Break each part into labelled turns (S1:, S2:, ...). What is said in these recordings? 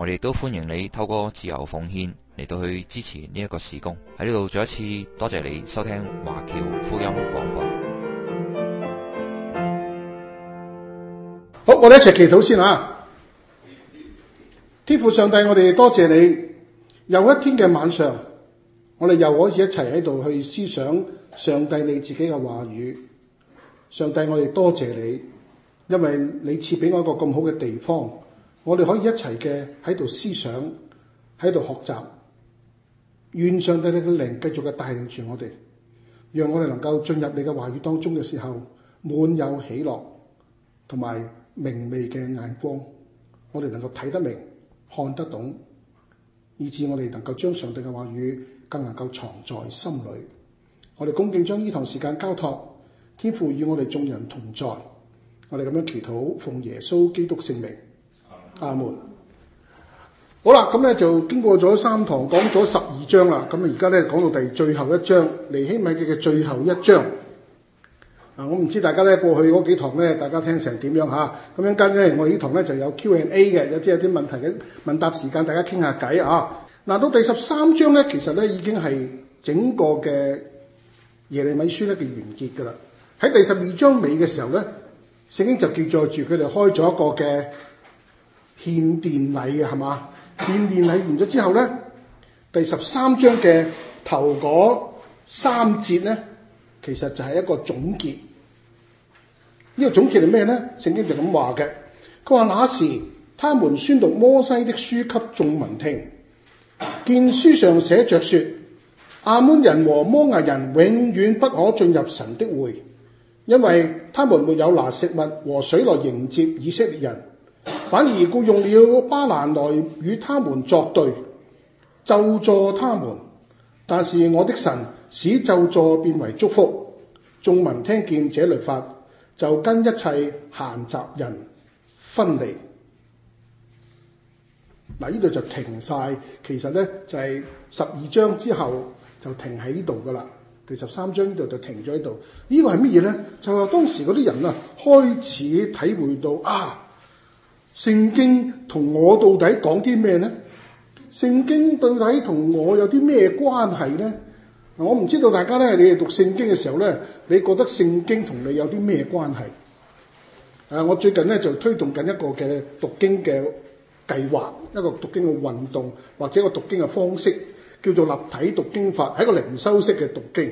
S1: 我哋都歡迎你透過自由奉獻嚟到去支持呢一個事工。喺呢度再一次多謝你收聽華僑福音廣播。好，我哋一齊祈禱先啊！天父上帝，我哋多謝你。又一天嘅晚上，我哋又可以一齊喺度去思想上帝你自己嘅話語。上帝，我哋多謝你，因為你賜俾我一個咁好嘅地方。我哋可以一齊嘅喺度思想，喺度學習，願上帝你嘅靈繼續嘅帶領住我哋，讓我哋能夠進入你嘅話語當中嘅時候，滿有喜樂同埋明媚嘅眼光。我哋能夠睇得明、看得懂，以致我哋能夠將上帝嘅話語更能夠藏在心裏，我哋恭敬將呢堂時間交託天父，與我哋眾人同在。我哋咁樣祈禱奉耶穌基督聖名。阿門。好啦，咁咧就經過咗三堂，講咗十二章啦。咁啊，而家咧講到第最後一章，尼希米記嘅最後一章。啊，我唔知大家咧過去嗰幾堂咧，大家聽成點樣嚇？咁一陣間咧，我哋呢堂咧就有 Q&A 嘅，有啲有啲問題嘅問答時間，大家傾下偈啊！嗱，到第十三章咧，其實咧已經係整個嘅耶利米書咧嘅完結噶啦。喺第十二章尾嘅時候咧，聖經就記載住佢哋開咗一個嘅獻殿禮嘅係嘛？獻殿禮完咗之後咧，第十三章嘅頭嗰三節咧，其實就係一個總結。呢、這個總結係咩咧？聖經就咁話嘅。佢話 那時，他們宣讀摩西的書給眾民聽，見書上寫着說：亞捫人和摩押人永遠不可進入神的會，因為他們沒有拿食物和水來迎接以色列人。反而雇用了巴蘭來與他們作對，咒詛他們，但是我的神使咒詛變為祝福。眾民聽見這律法，就跟一切閒雜人分離。嗱，呢度就停晒，其實咧就係十二章之後就停喺呢度噶啦。第十三章呢度就停咗喺度。這個、呢個係乜嘢咧？就係、是、當時嗰啲人啊，開始體會到啊。聖經同我到底講啲咩呢？聖經到底同我有啲咩關係呢？我唔知道大家呢。你哋讀聖經嘅時候呢，你覺得聖經同你有啲咩關係？啊！我最近呢，就推動緊一個嘅讀經嘅計劃，一個讀經嘅運動或者一個讀經嘅方式，叫做立體讀經法，係一個靈修式嘅讀經。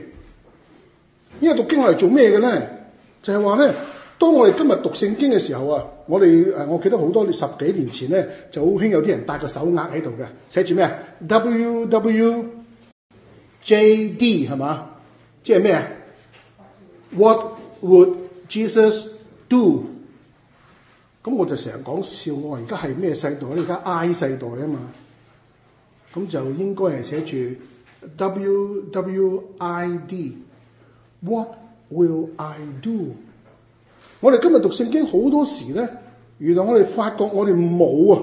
S1: 呢個讀經係做咩嘅呢？就係話呢。當我哋今日讀聖經嘅時候啊，我哋誒，我記得好多你十幾年前咧，就好興有啲人戴個手鈪喺度嘅，寫住咩 W W J D 係嘛？即係咩？What would Jesus do？咁我就成日講笑，我話而家係咩世代咧？而家 I 世代啊嘛，咁就應該係寫住 W W I D，What will I do？我哋今日讀聖經好多時咧，原來我哋發覺我哋冇啊，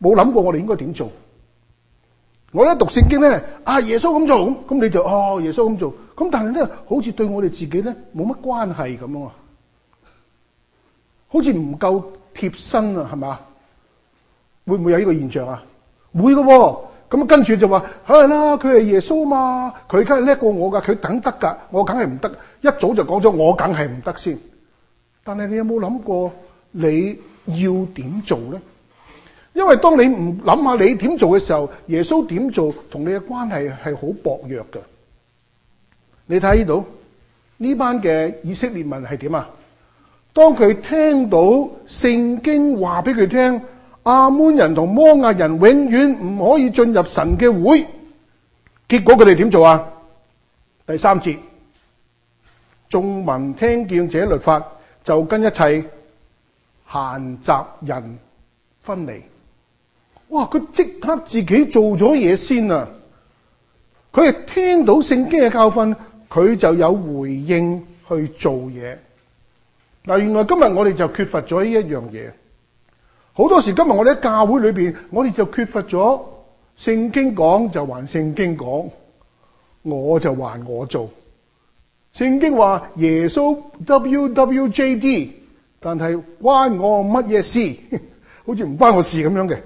S1: 冇諗過我哋應該點做。我一讀聖經咧，啊耶穌咁做咁、嗯，你就哦耶穌咁做，咁、嗯、但係咧好似對我哋自己咧冇乜關係咁樣啊，好似唔夠貼身啊，係咪？會唔會有呢個現象啊？會噶、哦，咁、嗯、跟住就話，係啦，佢係耶穌嘛，佢梗係叻過我噶，佢等得噶，我梗係唔得。一早就講咗，我梗係唔得先。但係你有冇諗過你要點做咧？因為當你唔諗下你點做嘅時候，耶穌點做同你嘅關係係好薄弱嘅。你睇到呢班嘅以色列民係點啊？當佢聽到聖經話俾佢聽，亞捫人同摩押人永遠唔可以進入神嘅會，結果佢哋點做啊？第三節。眾民聽見這律法，就跟一切閒雜人分離。哇！佢即刻自己做咗嘢先啊！佢係聽到聖經嘅教訓，佢就有回應去做嘢。嗱，原來今日我哋就缺乏咗呢一樣嘢。好多時今日我哋喺教會裏邊，我哋就缺乏咗聖經講就還聖經講，我就還我做。聖經話耶穌 WWJD，但係關我乜嘢事？ 好似唔關我事咁樣嘅。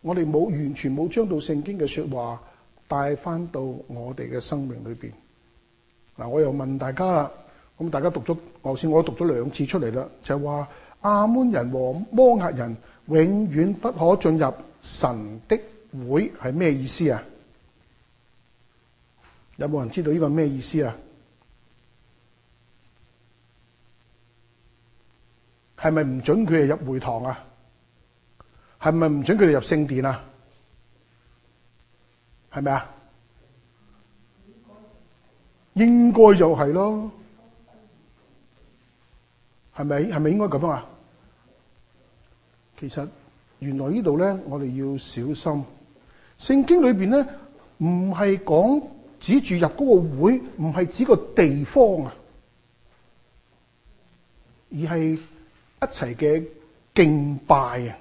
S1: 我哋冇完全冇將到聖經嘅說話帶翻到我哋嘅生命裏邊。嗱，我又問大家啦，咁大家讀咗，頭先我都讀咗兩次出嚟啦，就係話亞捫人和摩押人永遠不可進入神的會係咩意思啊？有冇人知道呢個咩意思啊？係咪唔准佢哋入會堂啊？係咪唔准佢哋入聖殿啊？係咪啊？應該就係咯。係咪？係咪應該咁樣啊？其實原來呢度咧，我哋要小心。聖經裏邊咧，唔係講指住入嗰個會，唔係指個地方啊，而係。一齊嘅敬拜啊！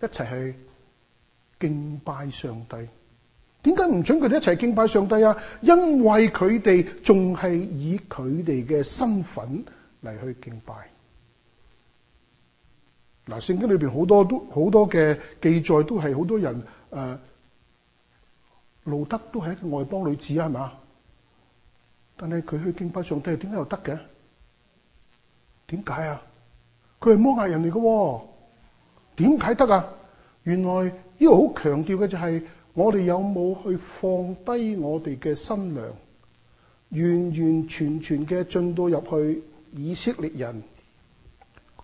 S1: 一齊去敬拜上帝，點解唔准佢哋一齊敬拜上帝啊？因為佢哋仲係以佢哋嘅身份嚟去敬拜嗱。聖經裏邊好多都好多嘅記載，都係好多人誒，呃，路德都係一個外邦女子啊，係嘛？但係佢去敬拜上帝，點解又得嘅？點解啊？佢係摩押人嚟噶喎，點解得啊？原來呢、這個好強調嘅就係、是、我哋有冇去放低我哋嘅新娘，完完全全嘅進到入去以色列人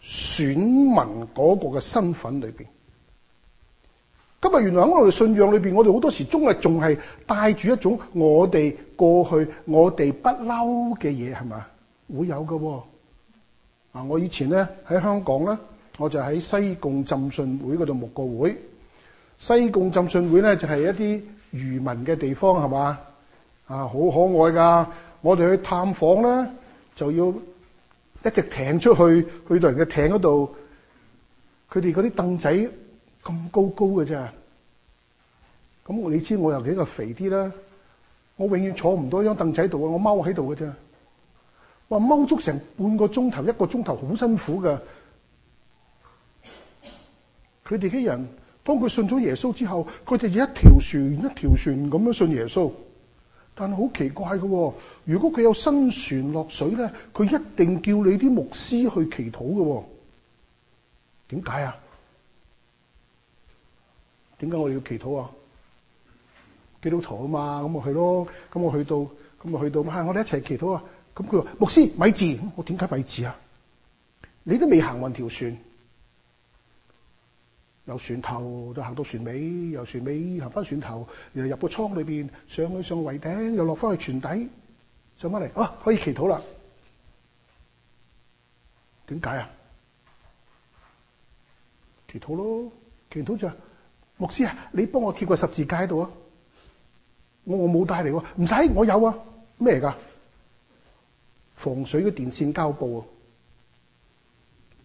S1: 選民嗰個嘅身份裏邊。今日原來喺我哋信仰裏邊，我哋好多時終日仲係帶住一種我哋過去我哋不嬲嘅嘢，係咪？會有噶喎。嗱、啊，我以前咧喺香港咧，我就喺西貢浸信會嗰度牧個會。西貢浸信會咧就係、是、一啲漁民嘅地方，係嘛？啊，好可愛噶！我哋去探訪啦，就要一隻艇出去，去到人嘅艇嗰度。佢哋嗰啲凳仔咁高高嘅啫。咁你知我又比較肥啲啦，我永遠坐唔到張凳仔度啊，我踎喺度嘅啫。話踎足成半個鐘頭，一個鐘頭好辛苦噶。佢哋啲人幫佢信咗耶穌之後，佢哋一條船一條船咁樣信耶穌。但係好奇怪嘅，哦，如果佢有新船落水咧，佢一定叫你啲牧師去祈禱嘅，哦。點解啊？點解我要祈禱啊？基督徒啊嘛，咁我去咯。咁我去，去到，咁我去到，咁我哋一齊祈禱啊！咁佢話牧師米字，我點解米字啊？你都未行運條船，由船頭到行到船尾，由船尾行翻船頭，然後入個艙裏邊，上去上桅頂，又落翻去船底，上翻嚟啊，可以祈禱啦。點解啊？祈禱咯，祈禱就牧師啊，你幫我貼個十字架喺度啊。我我冇帶嚟喎，唔使，我有啊。咩嚟㗎？防水嘅電線膠布啊，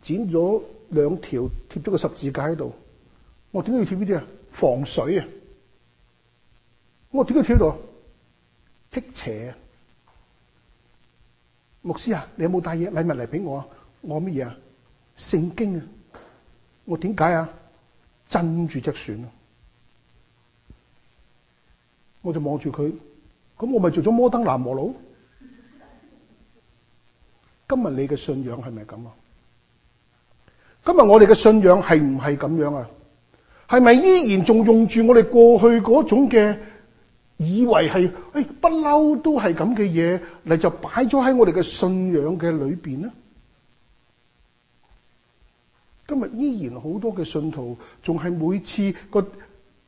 S1: 剪咗兩條貼咗個十字架喺度。我點解要貼呢啲啊？防水啊！我點解貼喺度啊？辟邪啊！牧師啊，你有冇帶嘢禮物嚟俾我啊？我乜嘢啊？聖經啊！我點解啊？鎮住隻船啊！我就望住佢，咁我咪做咗摩登南無佬。今日你嘅信仰係咪咁啊？今日我哋嘅信仰係唔係咁樣啊？係咪依然仲用住我哋過去嗰種嘅以為係，誒不嬲都係咁嘅嘢，嚟，就擺咗喺我哋嘅信仰嘅裏邊呢？今日依然好多嘅信徒仲係每次嗰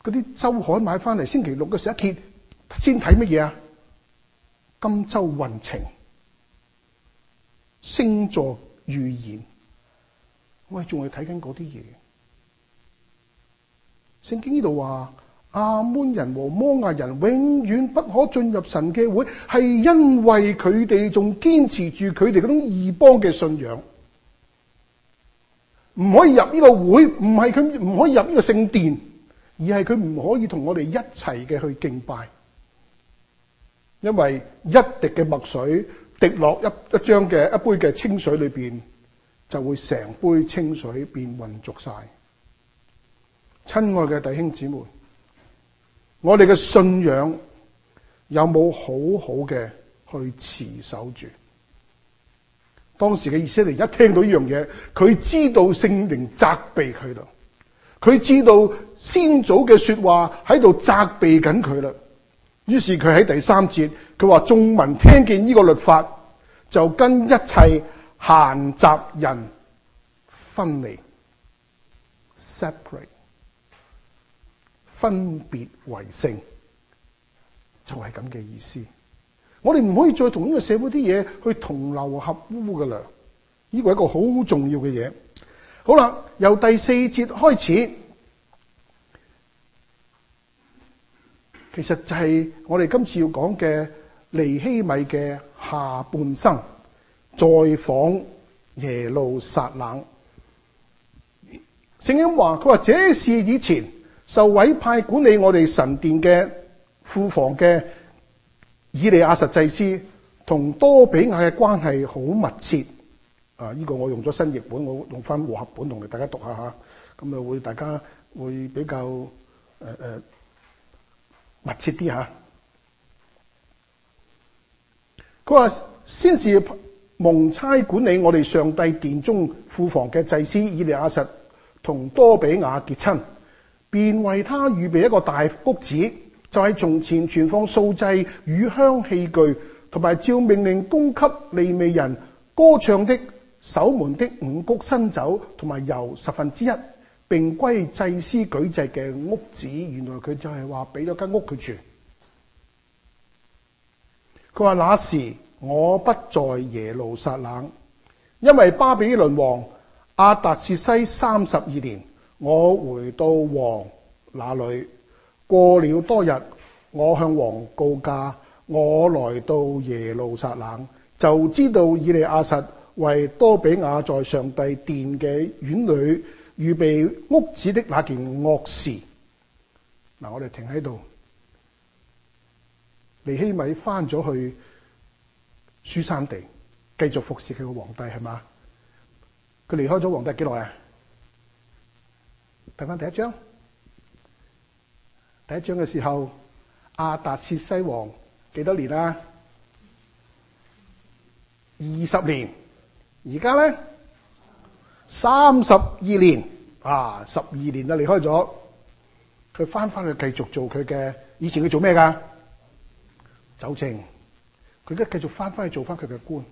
S1: 啲周刊買翻嚟，星期六嘅時，一揭先睇乜嘢啊？今周運程。星座預言，我哋仲係睇緊嗰啲嘢。聖經呢度話，亞捫人和摩押人永遠不可進入神嘅會，係因為佢哋仲堅持住佢哋嗰種異邦嘅信仰，唔可以入呢個會，唔係佢唔可以入呢個聖殿，而係佢唔可以同我哋一齊嘅去敬拜，因為一滴嘅墨水。滴落一一張嘅一杯嘅清水裏邊，就會成杯清水變渾濁晒。親愛嘅弟兄姊妹，我哋嘅信仰有冇好好嘅去持守住？當時嘅以色列一聽到呢樣嘢，佢知道聖靈責備佢啦，佢知道先祖嘅說話喺度責備緊佢啦。於是佢喺第三節，佢話眾民聽見呢個律法，就跟一切閒雜人分離，separate，分別為聖，就係咁嘅意思。我哋唔可以再同呢個社會啲嘢去同流合污噶啦，呢個係一個好重要嘅嘢。好啦，由第四節開始。其實就係我哋今次要講嘅尼希米嘅下半生，再訪耶路撒冷。聖經話佢話，這事以前受委派管理我哋神殿嘅庫房嘅以利亞實祭司，同多比亞嘅關係好密切。啊，依、這個我用咗新譯本，我用翻和合本同大家讀下嚇，咁啊會大家會比較誒誒。呃呃密切啲吓，佢話：先是蒙差管理我哋上帝殿中庫房嘅祭司以利亞實同多比亞結親，便為他預備一個大屋子，就喺、是、從前存放素祭、乳香器具，同埋照命令供給利未人歌唱的守門的五穀新酒同埋油十分之一。並歸祭司舉祭嘅屋子，原來佢就係話俾咗間屋佢住。佢話，那時我不在耶路撒冷，因為巴比倫王阿達切西三十二年，我回到王那裏。過了多日，我向王告假，我來到耶路撒冷，就知道以利亞實為多比亞在上帝殿嘅院裏預備屋子的那件惡事，嗱，我哋停喺度。尼希米翻咗去書山地，繼續服侍佢個皇帝，係嘛？佢離開咗皇帝幾耐啊？睇翻第一章，第一章嘅時候，亞達薛西王幾多年啊？二十年，而家咧。三十二年啊，十二年啦，離開咗，佢翻返去繼續做佢嘅以前。佢做咩噶？走政佢而家繼續翻返去做翻佢嘅官，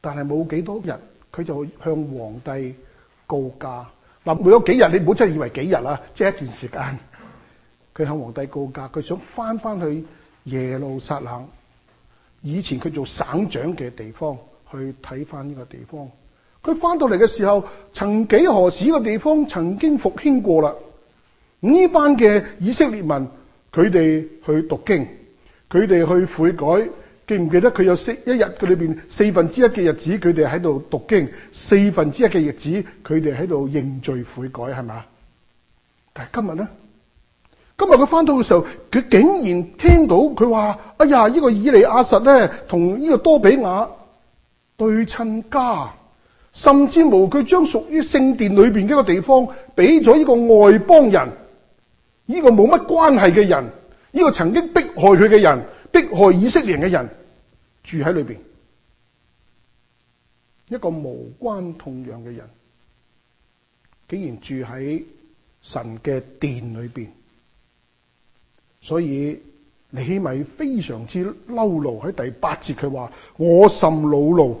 S1: 但係冇幾多日佢就向皇帝告假嗱。冇咗幾日，你唔好真係以為幾日啦，即係一段時間。佢向皇帝告假，佢想翻返去耶路撒冷以前佢做省長嘅地方去睇翻呢個地方。佢翻到嚟嘅時候，曾幾何時個地方曾經復興過啦。呢班嘅以色列民，佢哋去讀經，佢哋去悔改。記唔記得佢有四一日嘅裏邊四分之一嘅日子，佢哋喺度讀經；四分之一嘅日子，佢哋喺度認罪悔改，係咪？但係今日咧，今日佢翻到嘅時候，佢竟然聽到佢話：哎呀，呢個以利亞實咧同呢個多比雅對親家。甚至無佢將屬於聖殿裏邊呢個地方，俾咗呢個外邦人，呢個冇乜關係嘅人，呢個曾經迫害佢嘅人，迫害以色列嘅人住喺裏邊，一個無關痛癢嘅人，竟然住喺神嘅殿裏邊，所以尼希米非常之嬲怒，喺第八節佢話：我甚惱怒。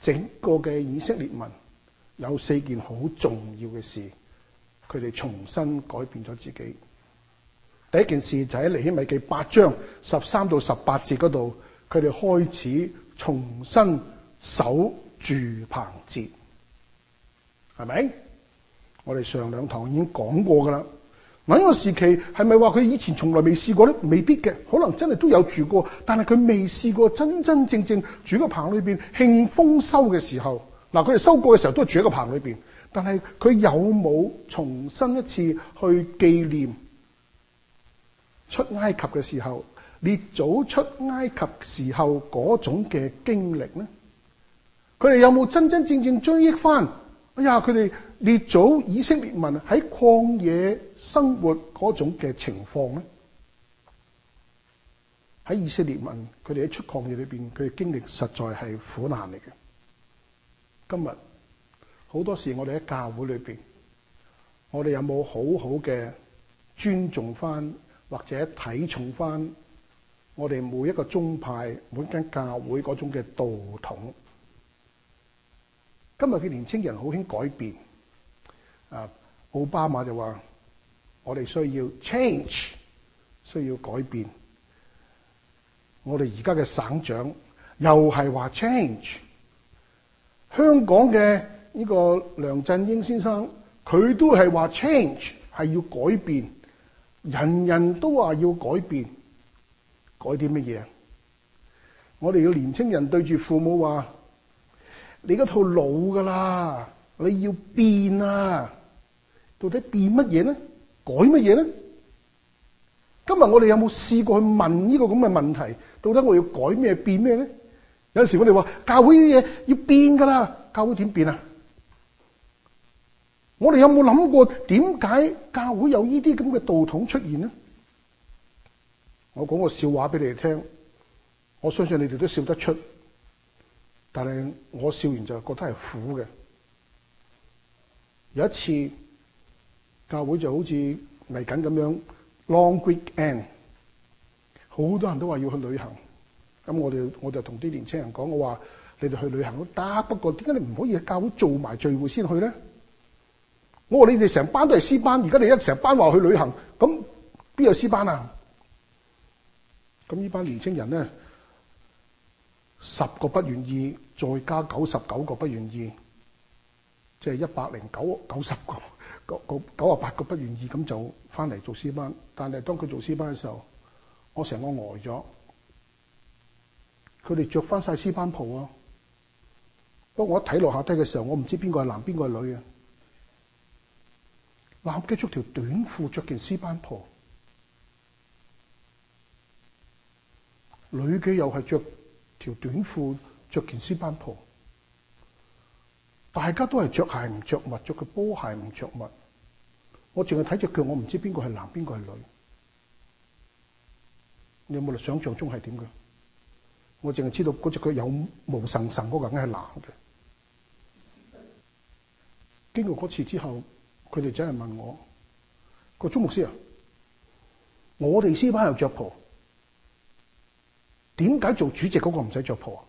S1: 整個嘅以色列民有四件好重要嘅事，佢哋重新改變咗自己。第一件事就喺尼希米記八章十三到十八節嗰度，佢哋開始重新守住棚節，係咪？我哋上兩堂已經講過㗎啦。喺呢個時期係咪話佢以前從來未試過咧？未必嘅，可能真係都有住過，但係佢未試過真真正正住喺個棚裏邊慶豐收嘅時候。嗱，佢哋收割嘅時候都係住喺個棚裏邊，但係佢有冇重新一次去紀念出埃及嘅時候，列祖出埃及時候嗰種嘅經歷咧？佢哋有冇真真正正追憶翻？哎呀，佢哋～列祖以色列民喺曠野生活嗰種嘅情況咧，喺以色列民佢哋喺出曠野裏邊，佢哋經歷實在係苦難嚟嘅。今日好多時我哋喺教會裏邊，我哋有冇好好嘅尊重返或者體重返我哋每一個宗派每一間教會嗰種嘅道統？今日嘅年輕人好興改變。啊！奧巴馬就話：我哋需要 change，需要改變。我哋而家嘅省長又係話 change。香港嘅呢個梁振英先生，佢都係話 change，係要改變。人人都話要改變，改啲乜嘢啊？我哋嘅年青人對住父母話：你嗰套老噶啦，你要變啊！到底變乜嘢咧？改乜嘢咧？今日我哋有冇試過去問呢個咁嘅問題？到底我要改咩變咩咧？有陣時我哋話教會啲嘢，要變噶啦，教會點變啊？我哋有冇諗過點解教會有呢啲咁嘅道統出現咧？我講個笑話俾你哋聽，我相信你哋都笑得出，但係我笑完就係覺得係苦嘅。有一次。教會就好似嚟緊咁樣 Long weekend，好多人都話要去旅行，咁我哋我就同啲年青人講，我話你哋去旅行都得，不過點解你唔可以喺教會做埋聚會先去咧？我話你哋成班都係私班，而家你一成班話去旅行，咁邊有私班啊？咁呢班年青人咧，十個不願意，再加九十九個不願意，即係一百零九九十個。九十八個不願意，咁就翻嚟做詩班，但係當佢做詩班嘅時候，我成個呆咗。佢哋著翻曬詩班袍啊！當我一睇落下低嘅時候，我唔知邊個係男邊個係女啊！男嘅著條短褲，著件詩班袍；女嘅又係著條短褲，著件詩班袍。大家都係着鞋唔着襪，着個波鞋唔着襪。我淨係睇隻隻腳，我唔知邊個係男邊個係女？你有冇想象中係點嘅？我淨係知道嗰隻腳有毛神神，嗰個應係男嘅。經過嗰次之後，佢哋真係問我：個鍾牧師啊，我哋詩班有着袍，點解做主席嗰個唔使着袍啊？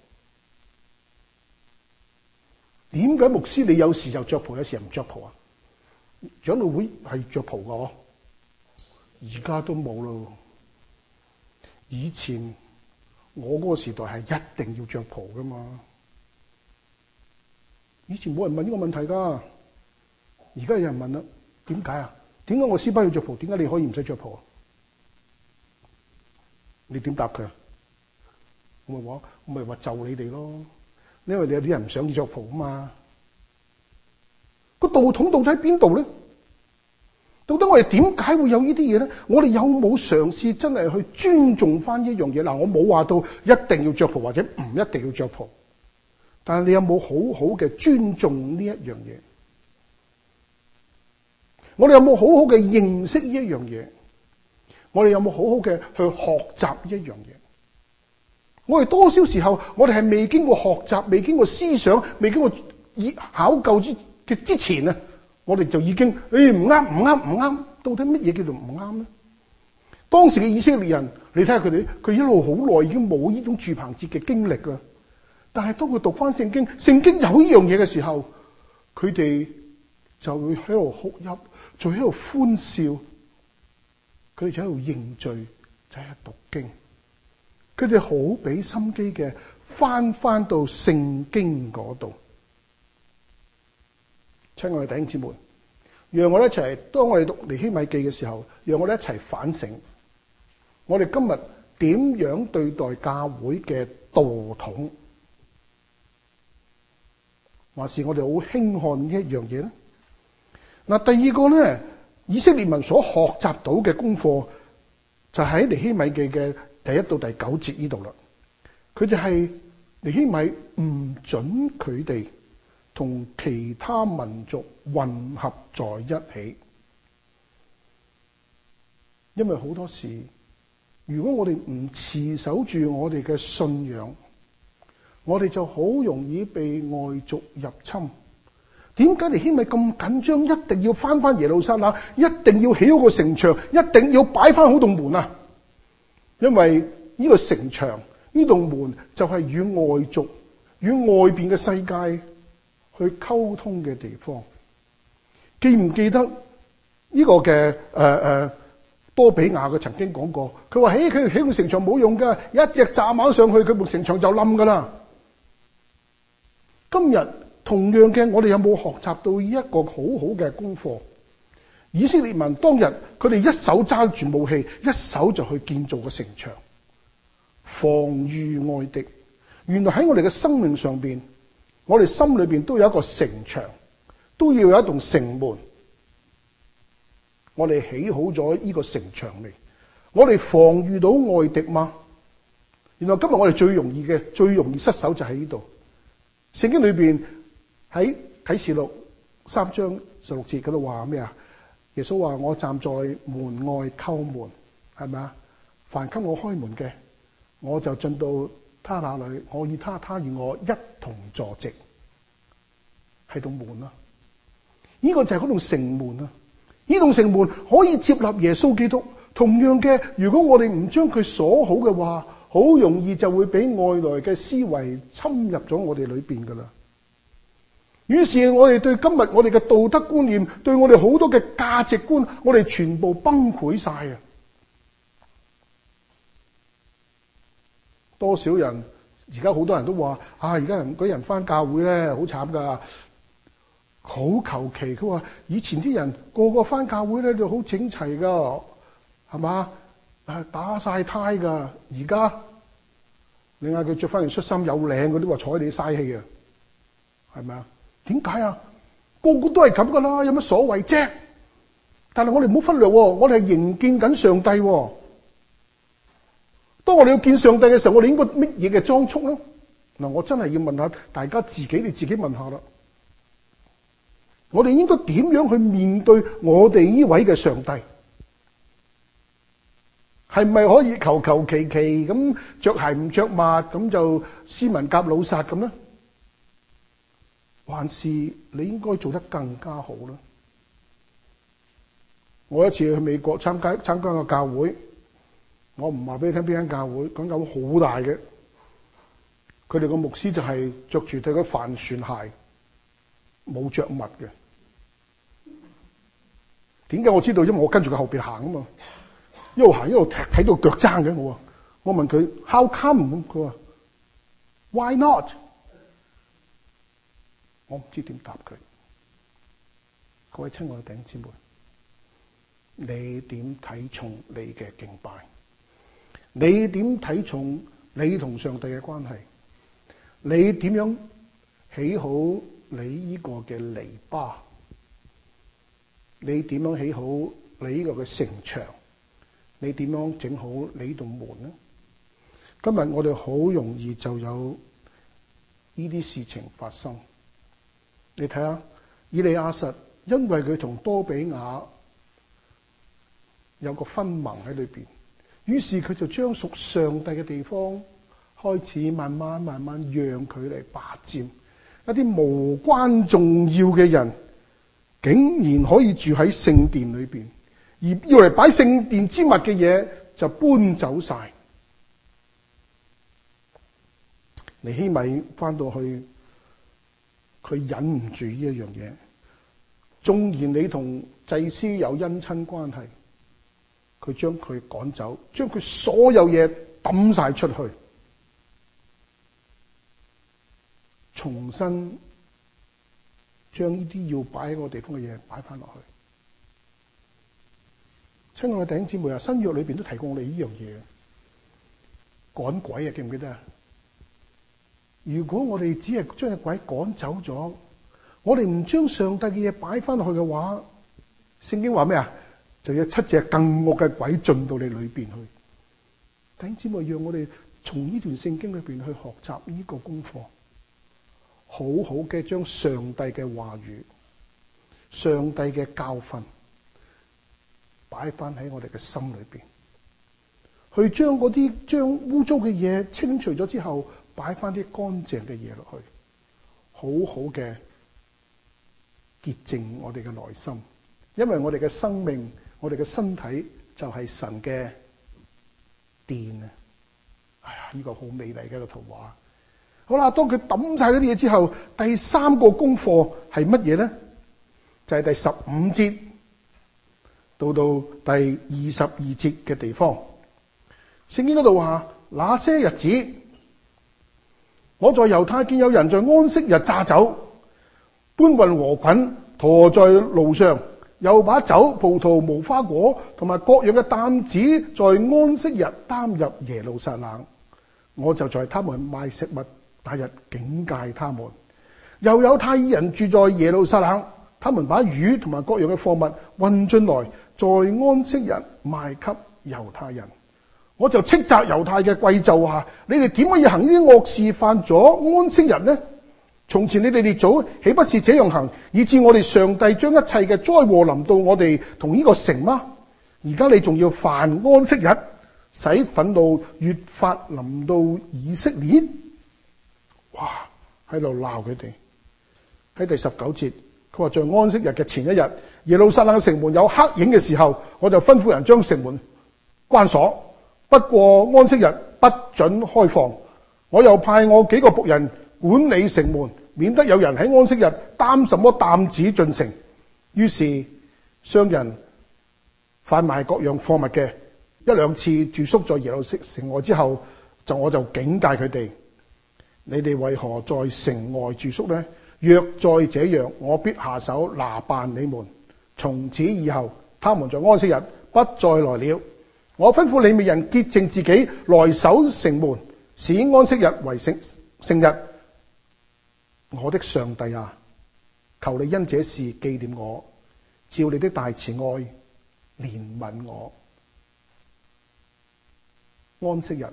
S1: 點解牧師你有時就着袍，有時唔着袍啊？長老會係着袍噶，而家都冇咯。以前我嗰個時代係一定要着袍㗎嘛。以前冇人問呢個問題㗎，而家有人問啦。點解啊？點解我師班要着袍？點解你可以唔使着袍？你點答佢啊？我咪話，我咪話就你哋咯。因為你有啲人唔想着袍啊嘛，個道統到底喺邊度咧？到底我哋點解會有呢啲嘢咧？我哋有冇嘗試真係去尊重翻一樣嘢？嗱，我冇話到一定要着袍或者唔一定要着袍，但係你有冇好好嘅尊重呢一樣嘢？我哋有冇好好嘅認識呢一樣嘢？我哋有冇好好嘅去學習呢一樣嘢？我哋多少時候，我哋係未經過學習，未經過思想，未經過以考究之嘅之前啊，我哋就已經誒唔啱、唔啱、唔啱。到底乜嘢叫做唔啱咧？當時嘅以色列人，你睇下佢哋，佢一路好耐已經冇呢種住棚節嘅經歷啦，但係當佢讀翻聖經，聖經有呢樣嘢嘅時候，佢哋就會喺度哭泣，就喺度歡笑，佢哋就喺度認罪，就喺度讀。佢哋好俾心機嘅，翻翻到聖經嗰度，親愛嘅弟兄姊妹，讓我哋一齊當我哋讀尼希米記嘅時候，讓我哋一齊反省，我哋今日點樣對待教會嘅道統，還是我哋好輕看一樣嘢咧？嗱，第二個咧，以色列民所學習到嘅功課，就喺尼希米記嘅。第一到第九節呢度啦，佢哋係尼希米唔准佢哋同其他民族混合在一起，因為好多時，如果我哋唔持守住我哋嘅信仰，我哋就好容易被外族入侵。點解尼希米咁緊張？一定要翻翻耶路撒冷，一定要起好個城牆，一定要擺翻好棟門啊！因為呢個城牆呢道門就係與外族與外邊嘅世界去溝通嘅地方。記唔記得呢個嘅誒誒多比亞佢曾經講過？佢話：嘿，佢起個城牆冇用㗎，一隻驢馬上去，佢個城牆就冧㗎啦。今日同樣嘅，我哋有冇學習到一個好好嘅功課？以色列民當日佢哋一手揸住武器，一手就去建造個城牆防禦外敵。原來喺我哋嘅生命上邊，我哋心裏邊都有一個城牆，都要有一棟城門。我哋起好咗呢個城牆嚟，我哋防禦到外敵嘛。原來今日我哋最容易嘅，最容易失手就喺呢度。聖經裏邊喺啟示錄三章十六節嗰度話咩啊？耶穌話：我站在門外叩門，係咪啊？凡給我開門嘅，我就進到他那裏，我與他，他與我一同坐席。係棟門啦，呢、這個就係嗰棟城門啦。呢棟城門可以接納耶穌基督。同樣嘅，如果我哋唔將佢鎖好嘅話，好容易就會俾外來嘅思維侵入咗我哋裏邊噶啦。於是，我哋對今日我哋嘅道德觀念，對我哋好多嘅價值觀，我哋全部崩潰晒。啊！多少人而家好多人個個都話：啊，而家人嗰啲人翻教會咧，好慘噶，好求其。佢話以前啲人個個翻教會咧就好整齊噶，係嘛？係打晒呔噶，而家你嗌佢着翻件恤衫有領，佢都話睬你嘥氣啊，係咪啊？點解啊？個個都係咁噶啦，有乜所謂啫？但係我哋唔好忽略喎，我哋係迎見緊上帝喎。當我哋要見上帝嘅時候，我哋應該乜嘢嘅裝束咯？嗱，我真係要問下大家自己，你自己問下啦。我哋應該點樣去面對我哋呢位嘅上帝？係咪可以求求其其咁着鞋唔着襪咁就斯文夾老實咁咧？還是你應該做得更加好啦！我一次去美國參加參加個教會，我唔話俾你聽邊間教會，嗰教會好大嘅。佢哋個牧師就係着住對個帆船鞋，冇着襪嘅。點解我知道？因為我跟住佢後邊行啊嘛，一路行一路踢，踢到腳踭嘅我啊。我問佢 How come？佢話 Why not？我唔知點答佢，各位親愛嘅頂姊妹，你點睇重你嘅敬拜？你點睇重你同上帝嘅關係？你點樣起好你呢個嘅籬笆？你點樣起好你呢個嘅城牆？你點樣整好你棟門呢？今日我哋好容易就有呢啲事情發生。你睇下，以利亞實因為佢同多比雅有個分盟喺裏邊，於是佢就將屬上帝嘅地方開始慢慢慢慢讓佢嚟霸佔。一啲無關重要嘅人，竟然可以住喺聖殿裏邊，而要嚟擺聖殿之物嘅嘢就搬走曬。尼希米返到去。佢忍唔住呢一樣嘢，縱然你同祭司有姻親關係，佢將佢趕走，將佢所有嘢抌晒出去，重新將呢啲要擺喺個地方嘅嘢擺翻落去。親愛嘅弟兄姊妹啊，新約裏邊都提過我哋呢樣嘢，趕鬼啊，記唔記得？如果我哋只係將隻鬼趕走咗，我哋唔將上帝嘅嘢擺翻去嘅話，聖經話咩啊？就有七隻更惡嘅鬼進到你裏邊去。弟兄姊妹，讓我哋從呢段聖經裏邊去學習呢個功課，好好嘅將上帝嘅話語、上帝嘅教訓擺翻喺我哋嘅心裏邊，去將嗰啲將污糟嘅嘢清除咗之後。擺翻啲乾淨嘅嘢落去，好好嘅潔淨我哋嘅內心，因為我哋嘅生命，我哋嘅身體就係神嘅殿啊！哎呀，呢、這個好美麗嘅一個圖畫。好啦，當佢抌晒嗰啲嘢之後，第三個功課係乜嘢咧？就係、是、第十五節到到第二十二節嘅地方，聖經嗰度話那些日子。我在猶太見有人在安息日炸酒、搬運禾捆，馱在路上，又把酒、葡萄、無花果同埋各樣嘅擔子在安息日擔入耶路撒冷。我就在他們賣食物嘅那日警戒他們。又有太乙人住在耶路撒冷，他們把魚同埋各樣嘅貨物運進來，在安息日賣給猶太人。我就斥責猶太嘅貴胄：「下你哋點可以行呢啲惡事，犯咗安息日呢？從前你哋列祖豈不是這樣行，以致我哋上帝將一切嘅災禍臨到我哋同呢個城嗎？而家你仲要犯安息日，使憤怒越發臨到以色列。」哇！喺度鬧佢哋。喺第十九節，佢話在安息日嘅前一日，耶路撒冷城門有黑影嘅時候，我就吩咐人將城門關鎖。不過安息日不准開放，我又派我幾個僕人管理城門，免得有人喺安息日擔什麼擔子進城。於是商人販賣各樣貨物嘅一兩次住宿在耶路撒冷城外之後，就我就警戒佢哋：你哋為何在城外住宿呢？若再這樣，我必下手拿辦你們。從此以後，他們在安息日不再來了。我吩咐利未人潔淨自己，來守城門，使安息日為聖聖日。我的上帝啊，求你因這事紀念我，照你的大慈愛憐憫我，安息日。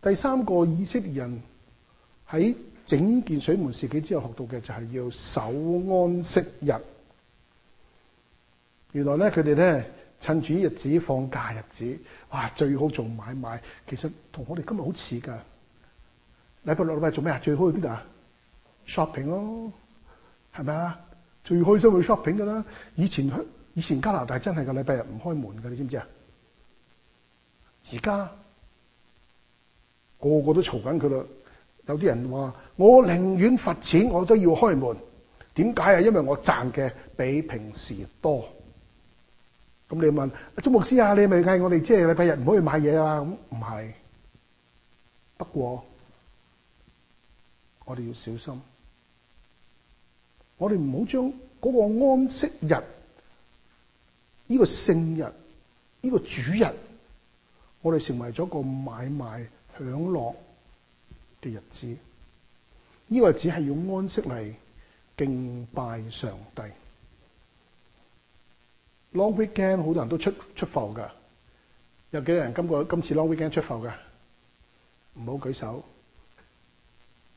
S1: 第三個以色列人喺整件水門事件之後學到嘅就係要守安息日。原來咧，佢哋咧。趁住呢日子放假日子，哇、啊、最好做買賣。其實同我哋今日好似噶。禮拜六禮拜做咩啊？最好去邊度啊？shopping 咯，係咪啊？最開心去 shopping 噶啦。以前以前加拿大真係個禮拜日唔開門噶，你知唔知啊？而家個個都嘈緊佢啦。有啲人話：我寧願罰錢，我都要開門。點解啊？因為我賺嘅比平時多。咁你問鍾牧師啊，你係咪嗌我哋即係禮拜日唔可以買嘢啊？咁唔係。不過我哋要小心，我哋唔好將嗰個安息日呢個聖日、呢個主日，我哋成為咗個買賣享樂嘅日子。呢個日子係要安息嚟敬拜上帝。Long weekend 好多人都出出埠噶，有幾多人今個今次 long weekend 出埠噶？唔好舉手。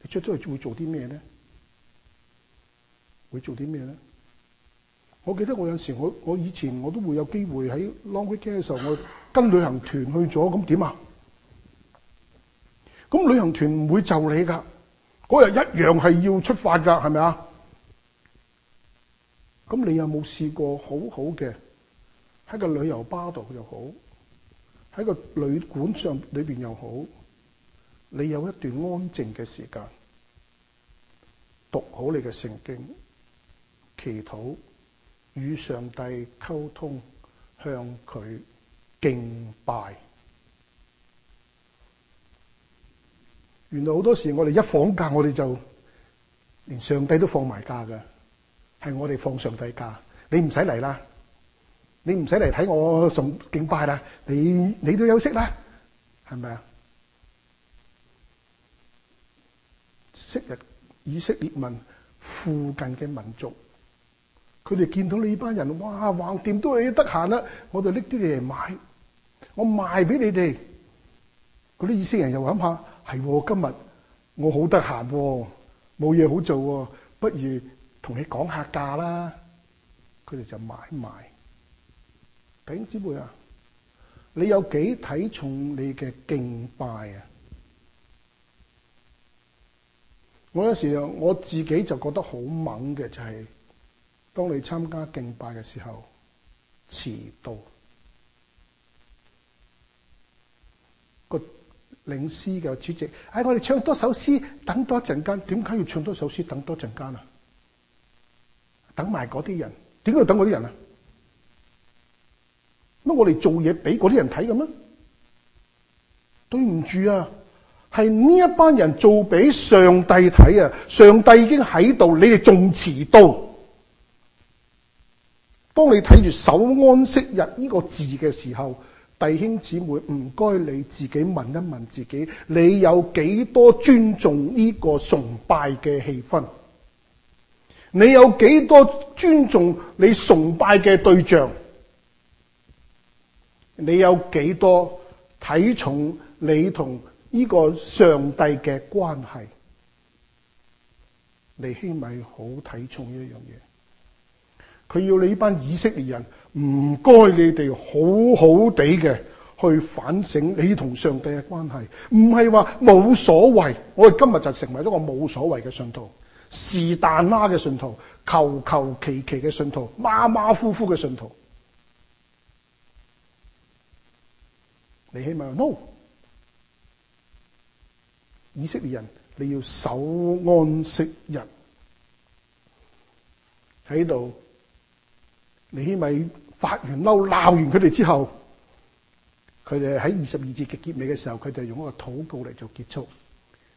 S1: 你出咗去會做啲咩咧？會做啲咩咧？我記得我有時我我以前我都會有機會喺 long weekend 嘅時候，我跟旅行團去咗，咁點啊？咁旅行團唔會就你噶，嗰日一樣係要出發噶，係咪啊？咁你有冇試過好好嘅？喺個旅遊巴度又好，喺個旅館上裏邊又好，你有一段安靜嘅時間，讀好你嘅聖經，祈禱，與上帝溝通，向佢敬拜。原來好多時我哋一放假，我哋就連上帝都放埋假㗎，係我哋放上帝假，你唔使嚟啦。你唔使嚟睇我崇拜啦，你你都休息啦，係咪啊？昔日以色列民附近嘅民族，佢哋見到你呢班人，哇，橫掂都係得閒啦，我就拎啲嘢嚟買，我賣俾你哋。嗰啲以色列人又諗下，係今日我好得閒，冇嘢好做，不如同你講下價啦。佢哋就買賣。弟姊妹啊！你有幾睇重你嘅敬拜啊？我有時候我自己就覺得好猛嘅，就係、是、當你參加敬拜嘅時候遲到，個領詩嘅主席，唉、哎，我哋唱多首詩，等多陣間，點解要唱多首詩等多陣間啊？等埋嗰啲人，點解要等嗰啲人啊？乜我哋做嘢俾嗰啲人睇嘅咩？對唔住啊，係呢一班人做俾上帝睇啊！上帝已經喺度，你哋仲遲到。當你睇住守安息日呢個字嘅時候，弟兄姊妹，唔該你自己問一問自己，你有幾多尊重呢個崇拜嘅氣氛？你有幾多尊重你崇拜嘅對象？你有幾多睇重你同呢個上帝嘅關係？尼希米好睇重呢樣嘢。佢要你呢班以色列人唔該，你哋好好地嘅去反省你同上帝嘅關係。唔係話冇所謂，我哋今日就成為咗個冇所謂嘅信徒，是但啦嘅信徒，求求其其嘅信徒，馬馬虎虎嘅信徒。你起碼 no，以色列人你要守安息日喺度。你起碼發完嬲鬧完佢哋之後，佢哋喺二十二節嘅結尾嘅時候，佢哋用一個禱告嚟做結束。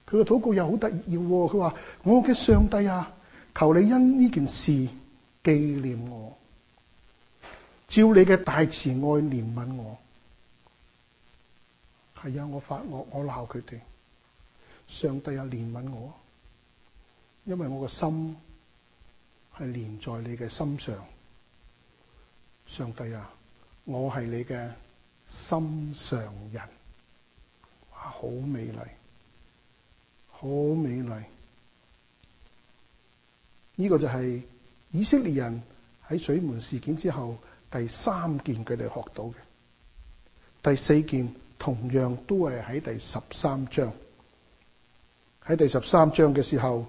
S1: 佢個禱告又好得意，喎佢話：我嘅上帝啊，求你因呢件事紀念我，照你嘅大慈愛憐憫我。係啊！我發我我鬧佢哋，上帝啊，憐憫我，因為我個心係連在你嘅心上。上帝啊，我係你嘅心上人，哇！好美麗，好美麗。呢個就係以色列人喺水門事件之後第三件佢哋學到嘅，第四件。同樣都係喺第十三章，喺第十三章嘅時候，